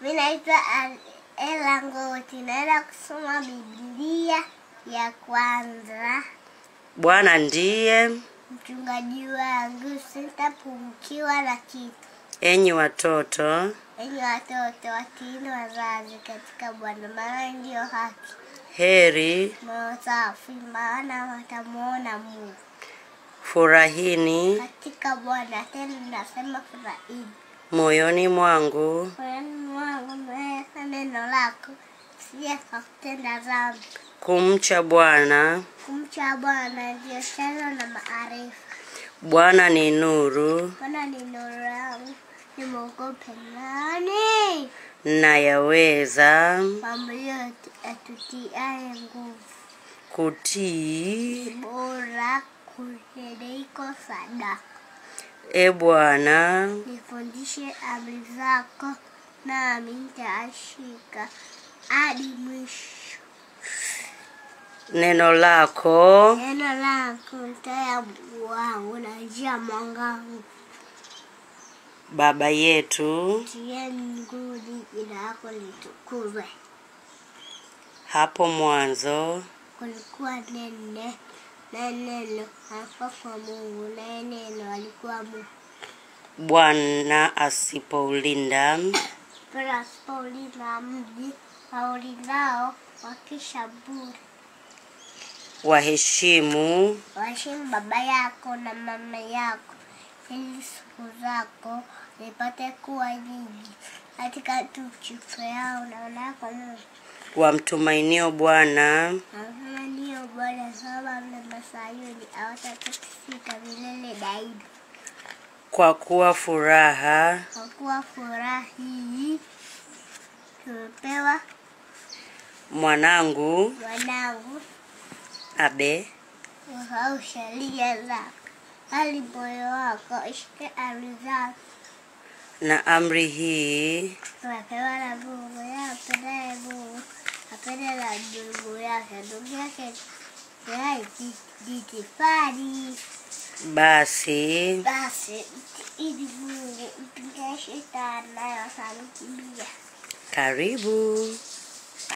Mimi naitwa Ela Ngoti, naenda kusoma Biblia ya kwanza. Bwana ndiye mchungaji wangu, sitapungukiwa na kitu. Enyi watoto, enyi watoto, watiini wazazi katika Bwana, maana ndio haki. Heri moyo safi, maana watamwona Mungu. Furahini katika Bwana, tena nasema furahini moyoni mwangu Kumcha Bwana, kumcha Bwana ndio chanzo na maarifa. Bwana ni nuru, Bwana ni nuru yangu, nimwogope nani? Nayaweza mambo yote atutiaye nguvu. Kutii bora kuliko sadaka. E Bwana, nifundishe amri zako, nami nitashika hadi mwisho. Neno lako, neno lako taa wangu na njia mwangangu. Baba yetu, tia mbinguni, jina lako litukuzwe. Hapo mwanzo kulikuwa neno, na neno hapo kwa Mungu, naye neno babu. Bwana asipoulinda Bwana asipoulinda mji waulindao wakisha bure. Waheshimu waheshimu baba yako na mama yako, ili siku zako zipate kuwa nyingi katika tukiso yao na wanako Mungu. Wamtumainio Bwana wamtumainio Bwana, sababu mlima Sayuni awatatikisika milele Daudi. Kwa kuwa furaha, kwa kuwa furahi tumepewa mwanangu, mwanangu abe usahau sheria zako, moyo wako ishike amri zako. Na amri hii tumepewa na Mungu, yeye apendaye Mungu apende na ndugu yake, ndugu yake ni itifari basi basi ili mwenye mpinga shetani nayo asamkimbia. Karibu.